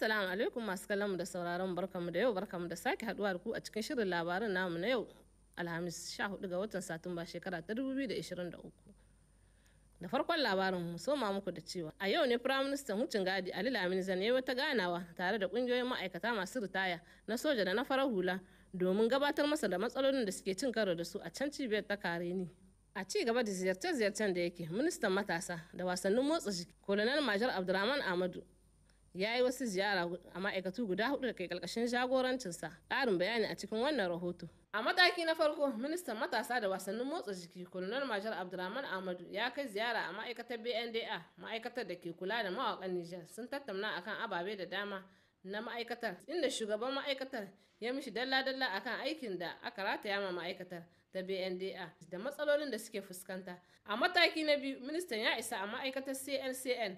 Assalamu alaikum masu kallon da sauraron barkamu da yau barkamu da sake haduwa da ku a cikin shirin labarin namu na yau Alhamis 14 ga watan Satumba shekara ta 2023. Da farkon labarin mu soma muku da cewa a yau ne Prime Minister Hucin Gadi Ali Lamini Zane ya wata ganawa tare da kungiyoyin ma'aikata masu ritaya na soja da na farar hula domin gabatar masa da matsalolin da suke cin karo da su a can cibiyar ta Kareni. a ci gaba da ziyarce-ziyarcen da yake ministan matasa da wasannin motsa jiki kolonel majar abdulrahman amadu ya yi wasu ziyara a ma'aikatu guda hudu da ke karkashin jagorancinsa ƙarin bayani a cikin wannan rahoto a mataki na farko ministan matasa da wasannin motsa jiki kolonel majar abdulrahman ahmadu ya kai ziyara a ma'aikatar bnda ma'aikatar da ke kula da mawakan nijar sun tattauna akan ababe da dama na ma'aikatar inda shugaban ma'aikatar ya mishi dalla-dalla akan aikin da aka rataya ma ma'aikatar da bnda da matsalolin da suke fuskanta a mataki na biyu ministan ya isa a ma'aikatar cncn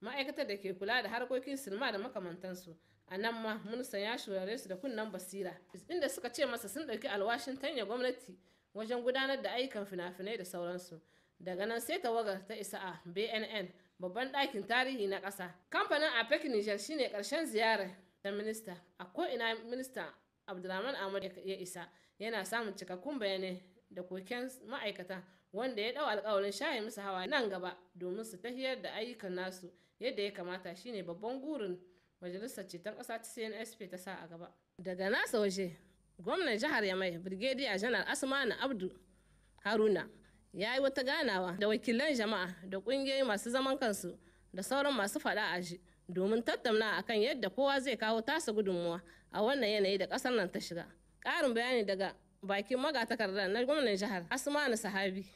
ma'aikatar da ke kula da harkokin sinima da makamantansu a nan ma munisan ya shurare su da kunnan basira inda suka ce masa sun ɗauki alwashin tanya gwamnati wajen gudanar da ayyukan fina-finai da sauransu daga nan sai tawagar ta isa a bnn babban ɗakin tarihi na ƙasa kamfanin apec niger shine ƙarshen ziyarar ta minista a ko'ina minista abdulrahman ahmad ya isa yana samun cikakkun bayanai da koken ma'aikata wanda ya ɗau alkawarin shaye musu hawa nan gaba domin su tahiyar da ayyukan nasu yadda ya kamata shine babban gurin majalisar ceton ƙasa ta cnsp ta sa a gaba daga nasa waje gwamnan jihar yamai brigadier janar asmanu abdu haruna ya yi wata ganawa da wakilan jama'a da ƙungiyoyi masu zaman kansu da sauran masu faɗa a shi domin tattauna akan yadda kowa zai kawo tasa gudunmuwa a wannan yanayi da kasar nan ta shiga ƙarin bayani daga bakin magatakarda na gwamnan jihar asmanu sahabi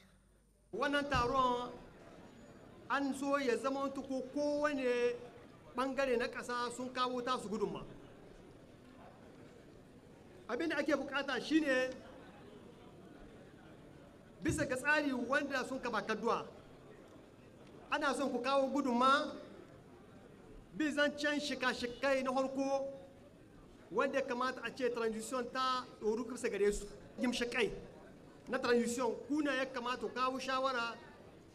wannan taron an zo ya zama ko kowane bangare na ƙasa sun kawo tasu gudunma abin da ake bukata shine bisa ga tsari wanda sun kaba duwa ana son ku kawo gudunma bizancen shika-shikai na harko wanda kamata a ce transition ta ɗoru kirsa gare su shikai na transition kuna ya kamata kawo shawara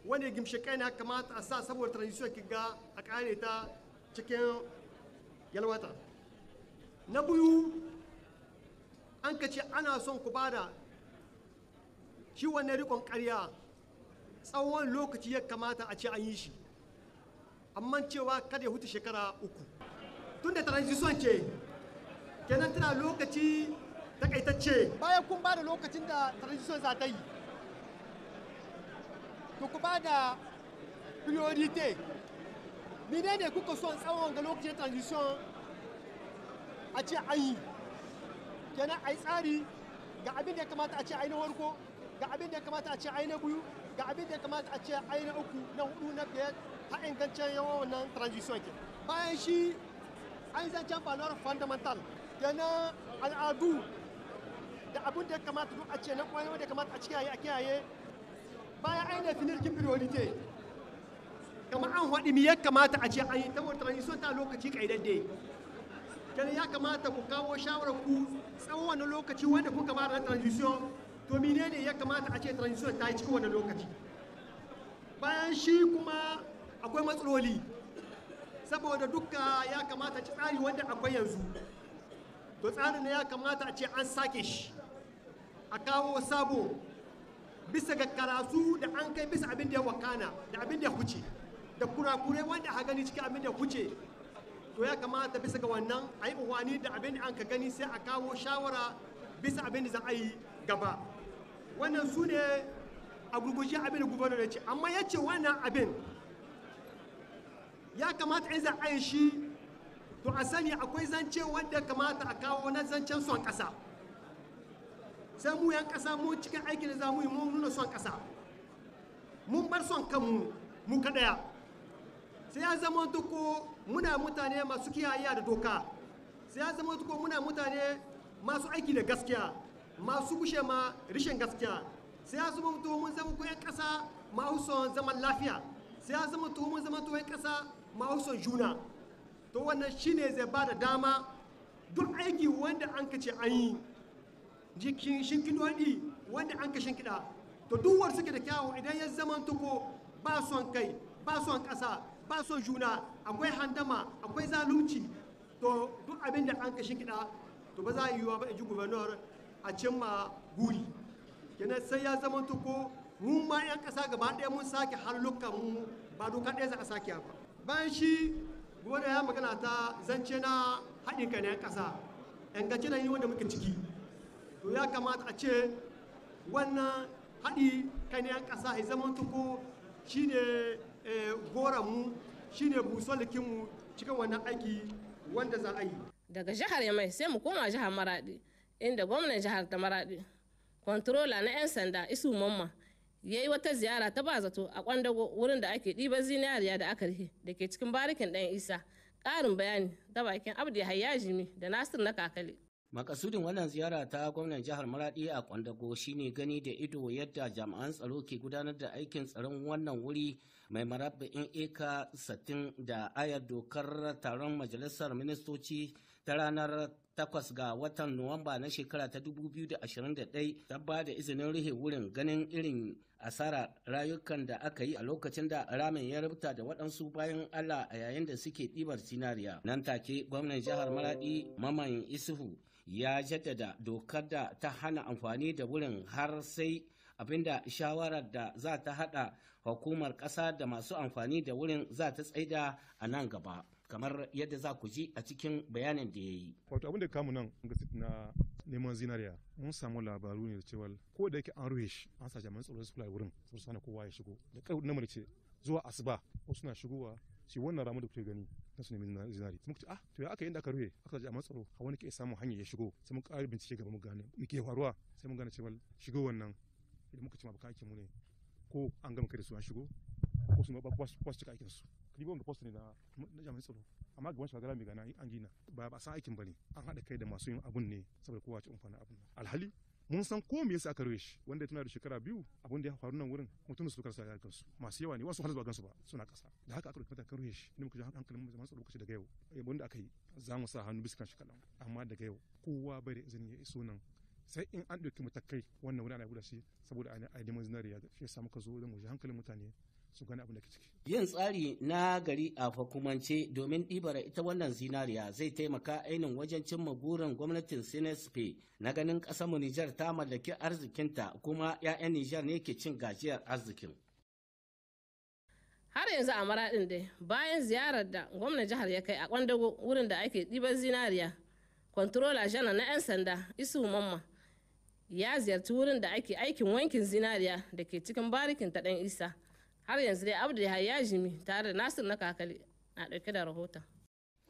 wanda gimshikai na kamata a sa saboda transition ki ga a kare ta cikin yalwata na biyu an ka ce ana son ku bada shi wannan rikon karya tsawon lokaci ya kamata a ce an yi shi amma cewa kada ya huta shekara uku tun da transition ce kenan tana lokaci takaitacce bayan kun ba da lokacin da transition za ta yi to ku ba da priority ne ne kuka son tsawon ga lokacin transition a ce an yi kenan a yi tsari ga abin da ya kamata a ce a yi na warko ga abin da ya kamata a ce a yi na biyu ga abin da ya kamata a ce a yi na uku na hudu na biyar ta ingancin yawan wannan transition ke bayan shi an zancen valor fundamental kenan al'adu da abin da ya kamata duk a ce na kwayo da ya kamata a yi a kiyaye baya aina finirkin priority kamar an haɗi me ya kamata a ce an yi ta wata son ta lokaci ƙaidadde kenan ya kamata ku kawo shawarar ku tsawon wani lokaci wanda kuka ba da transition to menene ya kamata a ce transition ta yi cikin wani lokaci bayan shi kuma akwai matsaloli saboda duka ya kamata ci tsari wanda akwai yanzu to tsarin ya kamata a ce an sake shi a kawo sabo bisa ga karatu da an kai bisa abin da ya wakana da abin da ya huce da kurakurai wanda a gani cikin abin da ya huce to ya kamata bisa ga wannan a yi uwani da abin da an ka gani sai a kawo shawara bisa abin da za a yi gaba wannan su ne a gurguji abin da gubanar ya ce amma ya ce wannan abin ya kamata in za a yi shi to a sani akwai zance wanda kamata a kawo na zancen son ƙasa. sai mu yan kasa mu cikin aikin da za mu yi mu nuna son kasa mun bar son kanmu mu kaɗaya sai ya zama ko muna mutane masu kiyaye da doka sai ya zama ko muna mutane masu aiki da gaskiya masu kushe ma rishin gaskiya sai ya zama tuko mun zama ko yan ƙasa masu son zaman lafiya sai ya zama to mun zama to yan ƙasa masu son juna to wannan shine zai ba da dama duk aiki wanda an kace an yi jikin shinkiɗoɗi wanda an ka shinkiɗa to duwar suke da kyawun idan ya zama tuko ba son kai ba son ƙasa ba son juna akwai handama akwai zalunci to duk abin da an ka shinkida to ba za a yiwuwa ba a ji gubernur a cimma guri kenan sai ya zama tuko mun ma 'yan ƙasa gaba ɗaya mun sake halukan mu ba doka ɗaya za a sake ba bayan shi ya magana ta zance na haɗin kai na 'yan ƙasa yankaci na yi wanda muke ciki to ya kamata a ce wannan haɗi kan ƙasa ya zama tuku shi ne eh, goranmu shi ne busolikinmu cikin wannan aiki wanda za a yi daga jihar yamai sai mu koma jihar maraɗi inda gwamnan jihar ta maradi kwantarola na 'yan sanda isu mamma ya yi wata ziyara ta ba zato a kwandago wurin da ake ɗiban zinariya da aka rihe da ke cikin barikin ɗan isa ƙarin bayani ta bakin abdi hayyajimi da nasir na kakale makasudin wannan ziyara ta gwamnan jihar maradi a kwandago shine gani da ido yadda jami'an tsaro ke gudanar da aikin tsaron wannan wuri mai marabba'in eka 60 da ayar dokar taron majalisar ministoci ta ranar 8 ga watan nuwamba na shekara ta 2021 ta ba da izinin rihe wurin ganin irin asara rayukan da aka yi a lokacin da ramin ya rubuta da waɗansu bayan allah a yayin da suke ɗibar zinariya nan take gwamnan jihar maradi maman Isihu. ya jaddada dokar da ta hana amfani da wurin har sai abinda shawarar da za ta hada hukumar kasa da masu amfani da wurin za ta tsaida a nan gaba kamar yadda za ku ji a cikin bayanin da ya yi. Wato abin da kamu nan na neman zinariya mun samu labaru ne da cewa ko da yake an ruhe shi an sa jami'an tsaro su kula wurin su sani kowa ya shigo da kai na mace zuwa asuba wasu na shigowa shi wannan ramu da kuke gani na su nemi zinari muka ce ah to ya aka yi da aka rufe aka ji a matsaro a wani kai samu hanya ya shigo sai mun ƙara bincike gaba mu gane mu ke faruwa sai mun gane cewa shigo wannan idan muka ce ma baka aikin mu ne ko an gama kai da su an shigo ko su ma ba ba su cika aikin su kalibon da post ne na jami'an tsaro amma gaban shugaba mai gana an gina ba ba san aikin bane an hada kai da masu yin abun ne saboda kowa ci umfana abun alhali mun san ko me yasa aka rufe shi wanda ya tuna da shekara biyu abin da ya faru nan wurin mutum su karsa ya kansu masu yawa ne wasu har zuwa gansu ba suna kasa da haka aka rufe mata kan rufe shi ne muka ji hankalin mu zaman lokaci daga yau wanda aka yi za mu sa hannu bisa kan shi kalan amma daga yau kowa bai da izini ya iso nan sai in an ɗauki matakai wannan wuri ana guda shi saboda a neman zinariya shi ya samu ka zo da mu ji hankalin mutane su gani abin da ke ciki. Yin tsari na gari a hukumance domin ɗibara ita wannan zinariya zai taimaka ainihin wajen cimma burin gwamnatin Sinespe na ganin ƙasar mu Nijar ta mallaki arzikinta kuma 'ya'yan Nijar ne ke cin gajiyar arzikin. Har yanzu a maraɗin dai bayan ziyarar da gwamnan jihar ya kai a Kwandago wurin da ake ɗibar zinariya, kwantarola janar na 'yan sanda Isu mamma ya ziyarci wurin da ake aikin wankin zinariya da ke cikin barikin ta ɗan isa har yanzu dai Abu da ya jimi tare da nasir na kakali na ɗauke da rahoton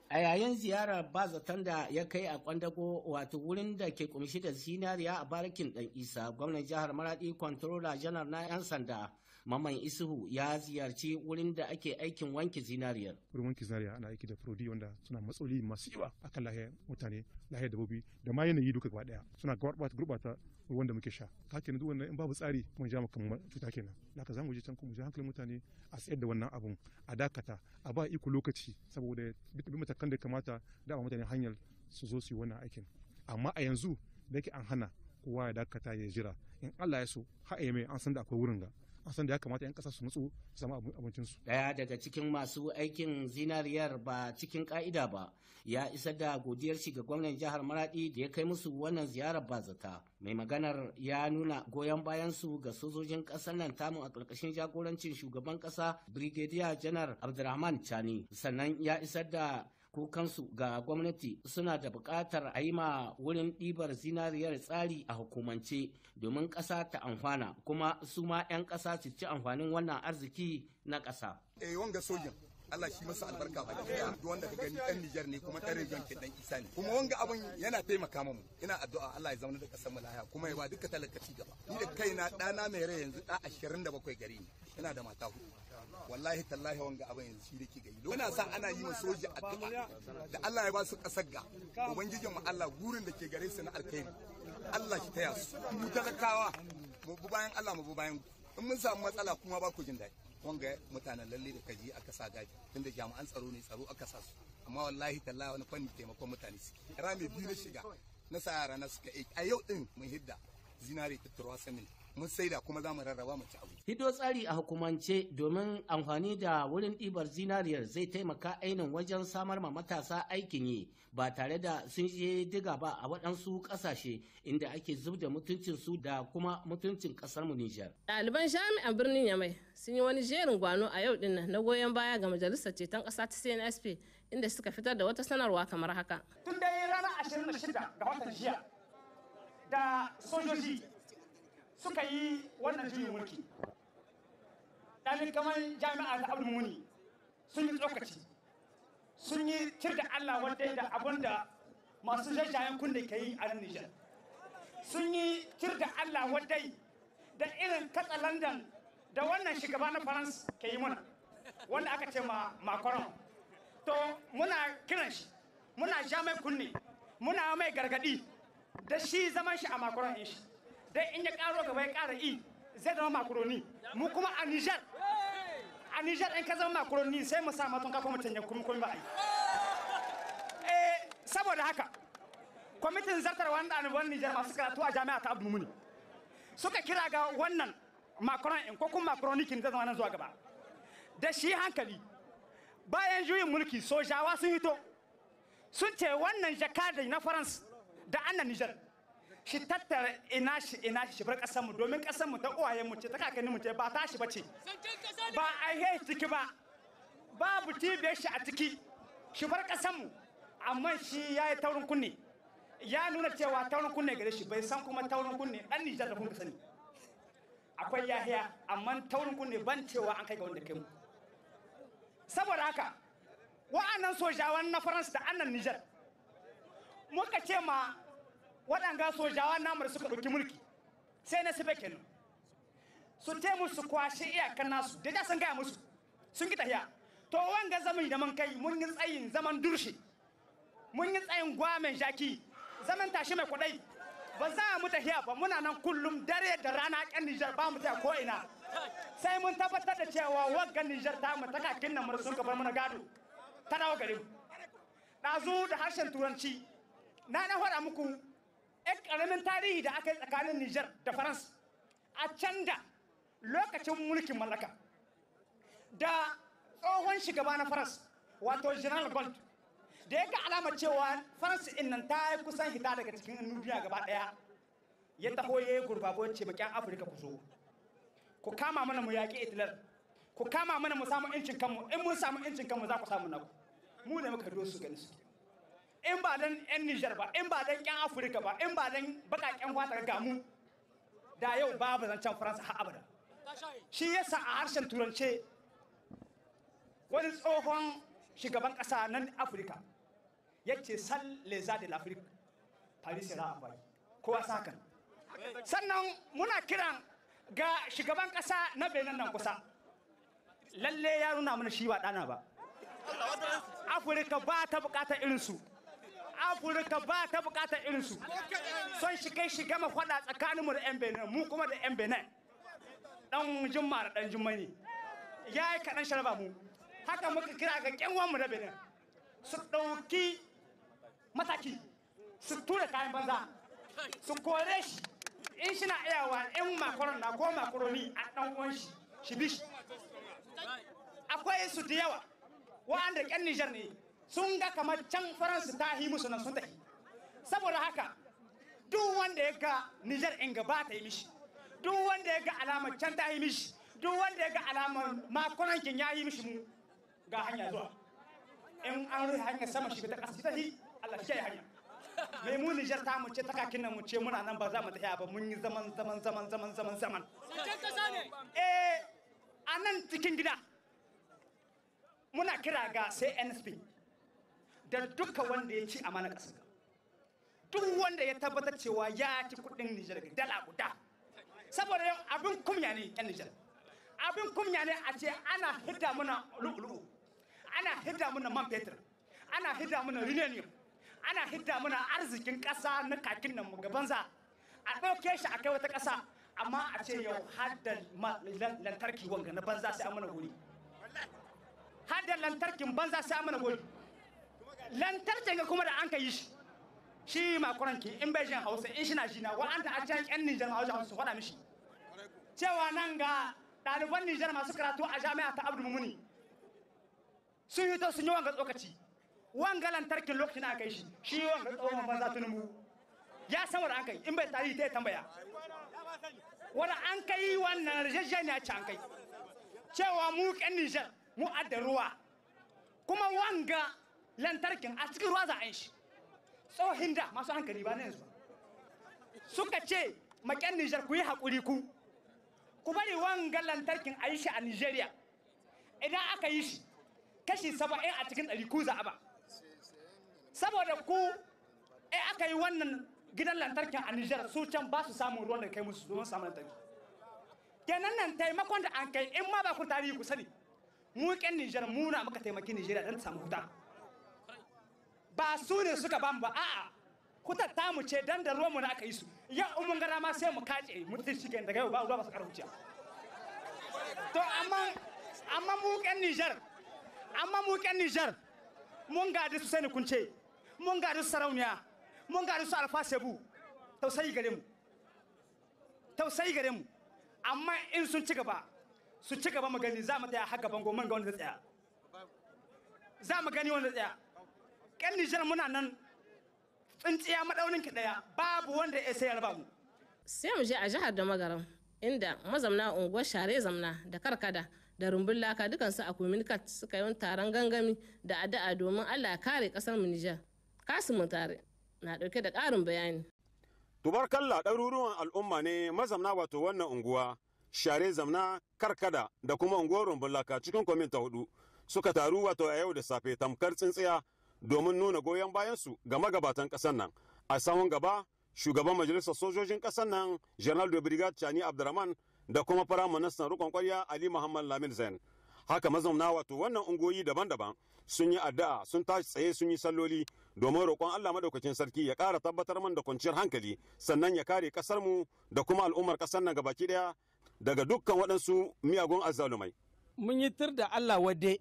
a yayin ziyarar ba zaton da ya kai a kwandago wato wurin da ke kumshi da zinariya a barikin dan isa gwamnan jihar maradi kwantarola janar na 'yan sanda maman isuhu ya ziyarci wurin da ake aikin wanke zinariyar wurin wanke zinariya ana aiki da furodi wanda suna matsaloli masu yawa akan lahiyar mutane lahiyar dabobi da ma yanayi duka gaba daya suna gurbata ruwan da muke sha ka kenan duk wannan in babu tsari mun ja maka cuta kenan haka za mu je can kuma hankalin mutane a tsayar da wannan abun a dakata a ba iko lokaci saboda bi matakan da kamata da a mutane hanyar su zo su yi wannan aikin amma a yanzu da yake an hana kowa ya dakata ya jira in Allah ya so har mai an san da akwai wurin ga kasan da ya kamata 'yan kasa su nutsu su samu abincinsu. Daya daga cikin masu aikin zinariyar ba cikin ka'ida ba ya isa da godiyar shi ga gwamnan jihar Maradi da ya kai musu wannan ziyarar ba zata. Mai maganar ya nuna goyon bayansu ga sojojin kasar nan tamu a ƙarƙashin jagorancin shugaban ƙasa Brigadier Janar Abdulrahman Chani. Sannan ya isar da kukansu ga gwamnati suna da buƙatar a yi ma wurin ɗibar zinariyar tsari a hukumance domin ƙasa ta amfana kuma su ma 'yan ƙasa su ci amfanin wannan arziki na ƙasa. Eh, Allah shi masa albarka ba daya duk wanda ka gani dan Niger ne kuma dan region ke dan Isa ne kuma wanga abun yana taimaka mu ina addu'a Allah ya zauna da kasar mu kuma ya ba duka talaka ci gaba ni da kaina dana mai rai yanzu da 27 gari ne ina da mata hudu wallahi tallahi wanga abun yanzu shi dake gari muna sa ana yi wa soji addu'a da Allah ya ba su kasar ga ubangijin mu Allah gurin da ke gare su na alkhairi Allah shi taya su mu talakawa mu bayan Allah mu bayan in mun samu matsala kuma ba ku jin daɗi wanga mutanen lalle da kaji aka sa gaji tunda jami'an tsaro ne tsaro aka sa su amma wallahi tallahi wani fanni taimakon mutane suke rami biyu na shiga na sahara na suka a yau din mun hidda zinare ta turwa sanin mun saida kuma za rarraba mu ci abinci. Hido tsari a hukumance domin amfani da wurin ɗibar zinariyar zai taimaka ainihin wajen samar ma matasa aikin yi ba tare da sun je diga ba a waɗansu ƙasashe inda ake zub da mutuncinsu da kuma mutuncin ƙasarmu Nijar. Ɗaliban jami'an birnin Yamai sun yi wani jerin gwano a yau ɗin na goyon baya ga majalisar ceton ƙasa ta CNSP inda suka fitar da wata sanarwa kamar haka. Tun da ranar 26 ga watan jiya da sojoji suka yi wannan juyin mulki ɗalin kamar jami'a da abin muni sun yi tsokaci sun yi cir da allah wadda da abin da masu jajayen kunne ke yi a nan nijar sun yi cir da allah wadda da irin katsa london da wannan shugaba na faransa ke yi mana wanda aka ce ma makaron to muna kiran shi muna ja mai kunne muna mai gargadi da shi zaman shi a makaron shi dai in ya karo gaba ya kara i zai zama makaroni mu kuma a Nijar a Nijar in ka zama makaroni sai mu sa matun kafa mu canja kuma kuma ba ai eh saboda haka kwamitin zartar wani ɗaliban nijar masu karatu a jami'a ta abu Muni suka kira ga wannan makaron in ko kuma makaronikin zai zama nan zuwa gaba da shi hankali bayan juyin mulki sojawa sun hito sun ce wannan jakadai na faransa da annan Nijar. shi tattara ina shi ina shi shifar kasar mu domin kasar mu ta uwaye mu ce ta kakanni mu ce ba ta shi bace ba a yi ciki ba babu cibiyar shi a ciki shifar bar kasar mu amma shi ya yi taurin kunne ya nuna cewa taurin kunne gare shi bai san kuma taurin kunne dan Nijar da kun sani akwai yahiya amma taurin kunne ban cewa an kai ga wanda kai mu saboda haka wa'annan sojawan na Faransa da annan Nijar muka ce ma waɗanga sojawa namar suka ɗauki mulki sai na sife kenan su te musu kwashe iyakan nasu da da sun gaya musu sun ki tahiya to wanga zaman da man kai mun yi tsayin zaman durshi mun yi tsayin gwamen jaki zaman tashi mai kwaɗai ba za mu tahiya ba muna nan kullum dare da rana kan Nijar ba mu ko ina sai mun tabbatar da cewa wanga Nijar ta mu ta kakin nan mun bar muna gado ta dawo gare ɗazu da harshen turanci na na hada muku 'yan ƙaramin tarihi da aka yi tsakanin Nijar da Faransa a can da lokacin mulkin mallaka da tsohon shugaba na Faransa wato General Gold da ya ga alamar cewa Faransa din nan ta yi kusan hita daga cikin duniya gaba ɗaya ya taho ya yi baki cemakin Afirka ku zo ku kama mana mu yaƙi Hitler ku kama mana mu samu incin kanmu in mun samu incin kanmu za ku samu naku mu ne muka dosu gani suke in ba dan yan Nijar ba in ba dan yan Afirka ba in ba dan bakaken fatar gamu da yau babu zancen Faransa har abada shi yasa a harshen turance wani tsohon shugaban ƙasa nan Afirka yace sal za de l'Afrique Paris sera envoyé kowa sakan sannan muna kiran ga shugaban ƙasa na Benin nan kusa lalle ya nuna mana shi ba ɗana ba Afirka ba ta irin irinsu. afirka ba ta bukatar irinsu son shi kai shi gama faɗa tsakaninmu da 'yan benin mu kuma da 'yan benin dan jimma da dan jimma ne ya yi kaɗan sharaba mu haka muka kira ga ƙyanwan mu da benin su ɗauki mataki su tura kayan banza su kore shi in shi na iyawa in makaron na ko makaroni a ɗan uwan shi shi bi shi akwai su da yawa wa'anda ƙyan nijar ne sun ga kamar can faransa ta yi musu nan sun tafi saboda haka duk wanda ya ga nijar in ba ta yi mishi duk wanda ya ga alamar can ta yi mishi duk wanda ya ga alamar makonankin ya yi mishi mu ga hanya zuwa in an rufe hanya sama shi ta kasu ta yi allah shi hanya mai mu nijar ta mu ce ta kakin nan mu ce muna nan ba za mu tafiya ba mun yi zaman zaman zaman zaman zaman zaman eh a nan cikin gida muna kira ga cnsp da duka wanda ya ci amana ƙasar duk wanda ya tabbatar cewa ya ci kuɗin Nijar dala guda saboda yau abin kumya ne yan Nijar abin kumya ne a ce ana hidda mana lu'ulu'u ana hidda mana man fetur ana hidda mana uranium ana hidda mana arzikin ƙasa na kakin nan gabanza a ɗauke shi a kai wata ƙasa amma a ce yau hadda lantarki wanga na banza sai an mana gori hadda lantarkin banza sai an mana gori Lantarki ga kuma da an ka yi shi shi makuranki in bai jin hausa in shina jina wa'anda a can yan nijar hausa su faɗa mishi cewa nan ga ɗaliban nijar masu karatu a jami'a ta abdul mumuni sun yi to sun yi wanga tsokaci wanga lantarkin lokacin aka yi shi shi wanga tsohon banza mu ya san wanda an kai in bai tarihi ta yi tambaya wani an kai wannan ne a can kai cewa mu kyan nijar mu adda ruwa kuma wanga lantarkin a cikin ruwa za a yi shi tsohin da masu hankali ba na yanzu suka ce maken Nijar ku yi haƙuri ku ku bari wanga lantarkin a yi shi a Nijeriya idan aka yi shi kashi saba'in a cikin ɗari ku za a ba saboda ku in aka yi wannan gidan lantarkin a Nijar su can ba su samun ruwan da kai musu don samun lantarki kenan nan taimakon da an kai in ma ba ku tarihi ku sani mu kyan Nijar muna muka taimaki Nijeriya don ta samu huta. ba su ne suka bamu ba a'a ta mu ce dan da mu na aka yi su ya mun gara ma sai mu kace mutun shi daga yau ba ruwa ba su karhuciya to amma amma mu kan Niger amma mu kan Niger mun da su sani ce mun da su sarauniya mun da su alfa sebu tausayi gare mu tausayi gare mu amma in sun ci gaba su ci gaba mu gani za mu tsaya har gaban goma ga wanda tsaya za mu gani wanda tsaya kan Nijar muna nan tsintsiya madaunin ki babu wanda ya sayar ba mu sai mu je a jihar da magaram inda mazamna unguwar share zamna da karkada da rumbun laka dukansu a communicat suka yi taron gangami da addu'a domin allah kare kasar mu nijar kasimu tare na dauke da karin bayani tubarkalla ɗaruruwan al'umma ne mazamna wato wannan unguwa share zamna karkada da kuma unguwar rumbun laka cikin kwamin hudu suka taru wato a yau da safe tamkar tsintsiya domin nuna goyon bayansu ga magabatan ƙasar nan a samun gaba shugaban majalisar sojojin ƙasar nan general de brigade chani abdurrahman da kuma fara ministan rukun kwarya ali muhammad lamin zain haka mazauna wato wannan ungoyi daban-daban sun yi addu'a sun tashi tsaye sun yi salloli domin roƙon Allah madaukakin sarki ya ƙara tabbatar man da kwanciyar hankali sannan ya kare kasar mu da kuma al'ummar ƙasar nan gabaki ɗaya daga dukkan waɗansu miyagun azzalumai mun yi tir da Allah wadde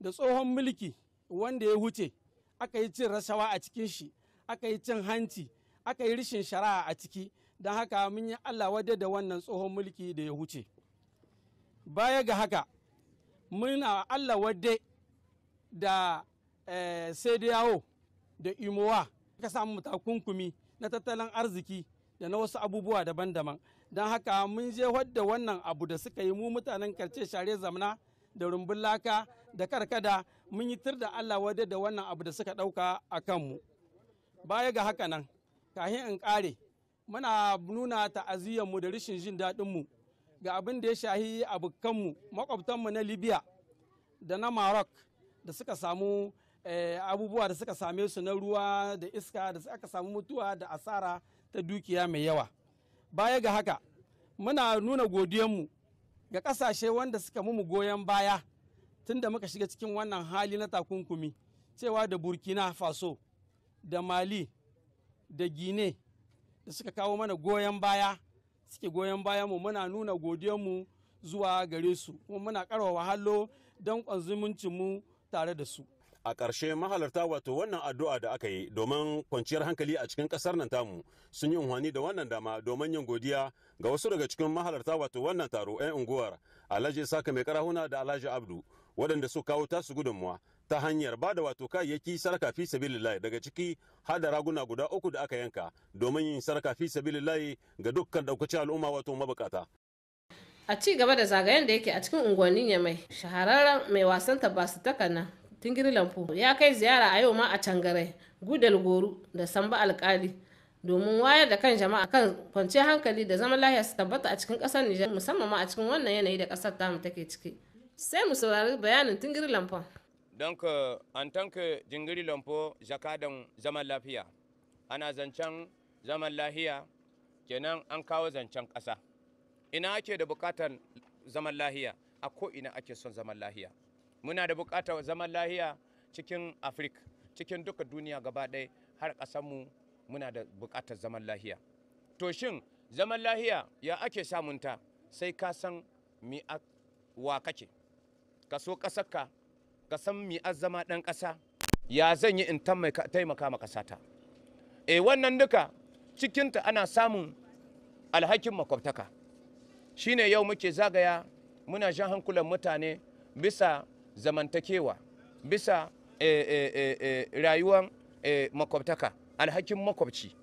da tsohon mulki wanda ya huce aka yi cin rashawa a cikin shi aka yi cin hanci aka yi rishin shari'a a ciki don haka mun yi allah wadda da wannan tsohon mulki da ya huce baya ga haka muna allah wadda da eh, sai da yawo da imowa ka samu takunkumi na tattalin arziki da na wasu abubuwa daban-daban don haka mun je wadda wannan abu da suka yi mu mutanen karce share zamna da rumbun laka da karkada mun yi tur da Allah wadda da wannan abu da suka ɗauka a kanmu. Baya ga haka nan, kahin in kare muna nuna ta'aziyyarmu da rishin jin daɗinmu ga abin da ya shahi abokanmu, maƙwabtanmu na Libya da na Maroc da suka samu eh, abubuwa da suka same su na ruwa da iska da suka samu mutuwa da asara ta dukiya mai yawa. Baya ga haka, muna nuna godiyanmu ga ƙasashe wanda suka mumu goyon baya. tun da muka shiga cikin wannan hali na takunkumi cewa da burkina faso da mali da gine da suka kawo mana goyon baya suke goyon baya mu muna nuna mu zuwa gare su kuma muna karwa wahalo don mu tare da su a ƙarshe mahalarta wato wannan addu'a da aka yi domin kwanciyar hankali a cikin ƙasar nan tamu sun yi unhwani da wannan dama domin yin godiya ga wasu daga cikin mahalarta wato wannan taro 'yan unguwar alhaji saka mai karahuna da alhaji abdu waɗanda su kawo tasu gudunmuwa ta hanyar ba da wato kayayyaki sarka fi sabilillahi daga ciki har da raguna guda uku da aka yanka domin yin sarka fi sabilillahi ga dukkan ɗaukacin al'umma wato mabukata. a ci gaba da zagayen da yake a cikin unguwannin ya mai shahararren mai wasan tabasu takana tingiri lampo ya kai ziyara a yau ma a cangare gudal goru da samba alkali domin wayar da kan jama'a kan kwanciyar hankali da zaman lahiya su tabbata a cikin ƙasar nijar musamman ma a cikin wannan yanayi da ƙasar tamu take ciki sai mu saurari bayanin tingiri lamfon. don ka an tanka jingiri lamfo jakadan zaman lafiya ana zancen zaman lahiya kenan an kawo zancen ƙasa ina ake da buƙatar zaman lahiya a ko ina ake son zaman lahiya muna da buƙatar zaman lahiya cikin afirka cikin duka duniya gaba ɗaya har mu muna da buƙatar zaman lahiya to shin zaman lahiya ya ake samunta sai ka san mi wa kake ka so ƙasarka ka san mi azama ɗan ƙasa ya zan yi in taimaka ma ƙasata e wannan duka cikinta ana samun alhakin makwabtaka shine yau muke zagaya muna jan hankulan mutane bisa zamantakewa bisa eh, eh, rayuwar makwabtaka alhakin makwabci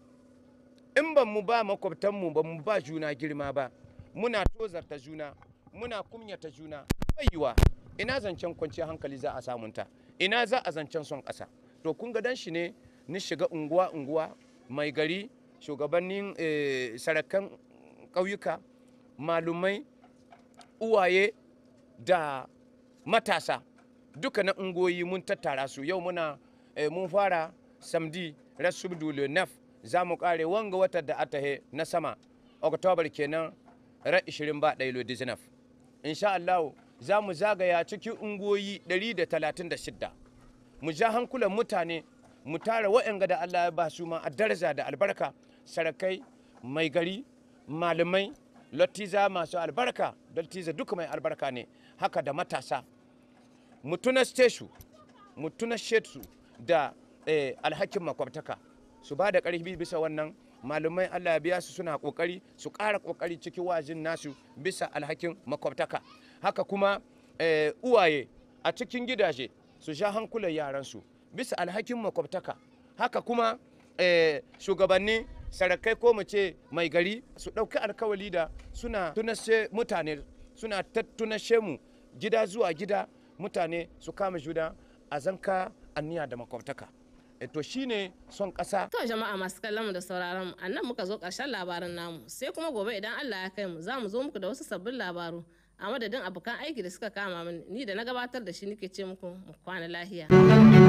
in ban mu ba makwabtanmu ba mu ba juna girma ba muna tozarta juna muna kumyata juna baiwa ina zancen kwanciyar hankali za a samunta ina za a zancen son ƙasa to kun ga dan shi ne ni shiga unguwa unguwa mai gari shugabannin eh, sarakan ƙauyuka malumai uwaye da matasa duka na ungoyi mun tattara su yau muna eh, mun fara samdi rasubdu naf za mu kare wanga wata da atahe na sama oktobar kenan ra 20 ba ɗaya lodi zinaf insha allahu. za mu zagaya cikin ungoyi 136 mu ja hankulan mutane mu tara waɗanga da Allah ya ba su ma a daraja da albarka sarakai mai gari malamai lotiza masu albarka lotiza duka mai albarka ne haka da matasa mu tuna steshu mu tuna shetu da eh, alhakin makwabtaka su ba da ƙarfi bisa wannan malamai Allah ya biya su suna kokari su ƙara kokari cikin wajin nasu bisa alhakin makwabtaka haka kuma eh, uwaye a cikin gidaje su sha hankulan yaransu bisa alhakin makwabtaka haka kuma eh, shugabanni sarakai ko mu ce mai gari su ɗauki alkawali da suna tunashe mutane suna tattunashe mu gida zuwa gida mutane su kama juna a zanka anniya da makwabtaka e to shine son ƙasa. To jama'a masu kallon mu da sauraron mu annan muka zo karshen labarin namu sai kuma gobe idan Allah ya kai mu za mu zo muku da wasu sabbin labaru a madadin abokan aiki da suka kama mini ni da na gabatar da shi nake ce muku mu kwana lahiya.